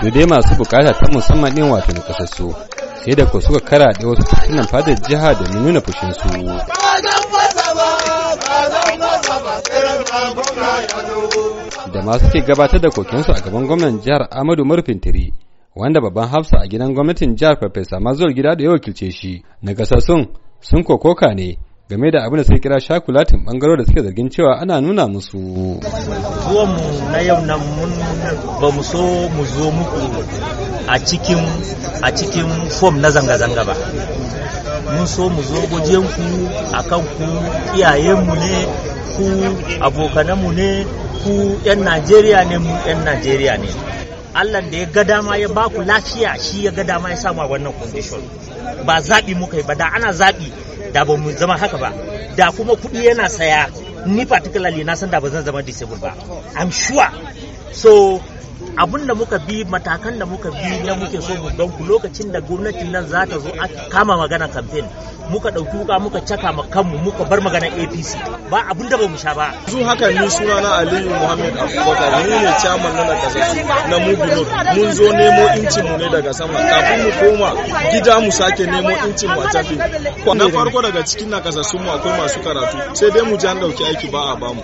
su dai masu bukata ta musamman ɗin wato na sai da ko suka karaɗe wasu cikin fadar jiha domin nuna fushinsu. da masu ke gabatar da kokensu a gaban gwamnan jihar Amadu Murfin Tiri wanda babban hafsa a gidan gwamnatin jihar Farfesa Mazul Gida da ya wakilce shi na sun sun kokoka ne game da abin da sai kira shakulatin bangaro da suke zargin cewa ana nuna musu. mu na yau nan mun ba mu so mu zo muku a cikin a cikin fom na zanga-zanga ba. Mun so mu zo ku a kan ku iyayenmu ne ku abokananmu ne ku 'yan Najeriya ne mu 'yan Najeriya ne. Allah da ya ga dama ya baku lafiya shi ya ga dama ya samu a wannan condition ba zaɓi muka yi ba da ana zaɓi da ba mu zama haka ba da kuma kuɗi yana saya ni particularly na san da ba zan zama disabled ba i'm sure so abun da muka bi matakan da muka bi na muke so mu ku lokacin da gwamnatin nan za ta zo a kama magana kamfen muka ɗauki wuka muka caka ma kanmu muka bar magana apc ba abun da ba mu sha ba zu haka ni suna na aliyu muhammad abubakar ni ne chairman na kasa na mubinu mun zo nemo incin mu ne daga sama kafin mu koma gida mu sake nemo incin mu a tafi na farko daga cikin nakasassun mu akwai masu karatu sai dai mu jan dauki aiki ba a bamu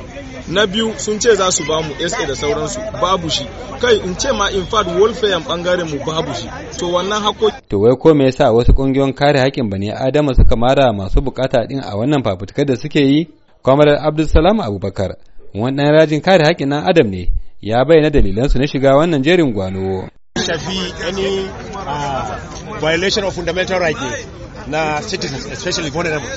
na biyu sun ce za su bamu sa da sauransu babu shi kai in ce ma in fact welfare bangaren mu babu shi to wannan hako to wai ko me yasa wasu kungiyoyin kare haƙƙin bani adama suka mara masu bukata din a wannan fafutukar da suke yi kwamarar abdulsalam abubakar wani ɗan rajin kare haƙƙin nan adam ne ya bayyana dalilan su na shiga wannan jerin gwano shafi any uh, violation of fundamental rights na citizens especially vulnerable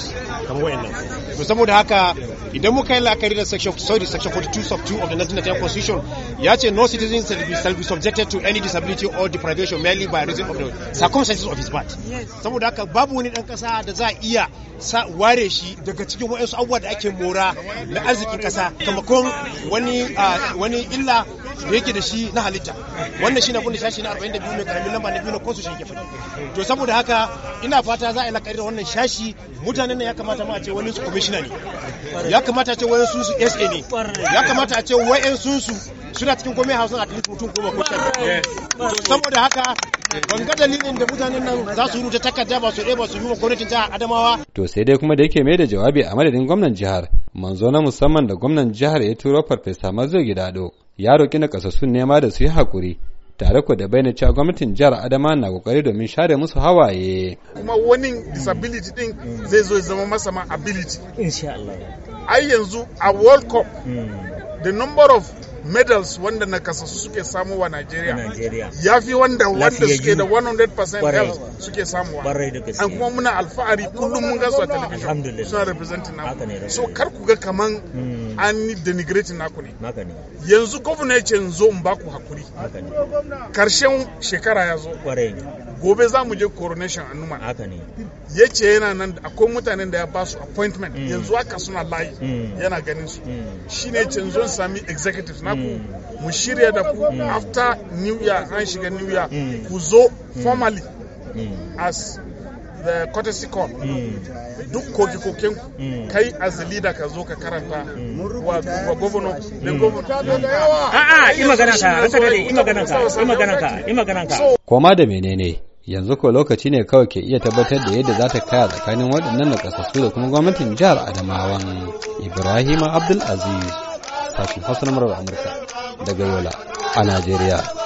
kamar wayannan to saboda haka idan muka yi la'akari da section sorry section 42 sub 2 of the 1999 constitution ya ce no citizen shall be subjected to any disability or deprivation merely by reason of the circumstances of his birth saboda haka babu wani dan kasa da za a iya ware shi daga cikin wayansu abubuwa da ake mora na arzikin kasa kamakon wani ah, wani illa da yake da shi na halitta wannan shine abin da shashi na 42 mai karamin lamba na biyu na constitution ke faɗi to saboda haka ina fata za a yi lakari da wannan shashi mutanen nan ya kamata ma a ce wani su commissioner ne ya kamata a ce wani su SA ne ya kamata a ce wayan sun su suna cikin komai hausa a cikin mutum goma ko tara saboda haka ban ga dalilin da mutanen nan za su rubuta takarda ba su ɗaya ba su yi wa gwamnatin jihar Adamawa to sai dai kuma da yake mai da jawabi a madadin gwamnan jihar manzo na musamman da gwamnan jihar ya turo farfesa mazo gidado ya roki na sun nema da su yi hakuri tare ku da bayyana cewa gwamnatin jihar adama na kokari domin share musu hawaye kuma wani disability din zai zo zama masa ma ability insha Allah ai yanzu a world cup hmm. the number of medals wanda na kasasu suke wa Nigeria ya fi wanda wanda suke da 100% health suke samuwa an kuma muna alfahari kullum mun gasu a television suna representing naku so kar ku ga kaman hmm. an denigrating naku ne yanzu gwamna ya ce zo in baku hakuri karshen shekara ya zo gobe za mu je coronation a numan haka ne ya ce yana nan akwai mutanen da ya ba su appointment mm. yanzu haka suna layi mm. yana ganin su mm. shi ne ce zon sami executive na ku mu shirya da ku after new year an shiga new year ku zo formally as the courtesy call duk koki koken kai as leader ka zo ka karanta wa governor da governor a'a ah, ah, ima gananka ranka da ima gananka ima gananka ima gananka koma da menene yanzu ko lokaci ne kawai ke iya tabbatar da yadda za ta kaya tsakanin waɗannan nakasassu da kuma gwamnatin jihar adamawan ibrahim abdul'aziz aziz sashen hausa amurka daga yola a najeriya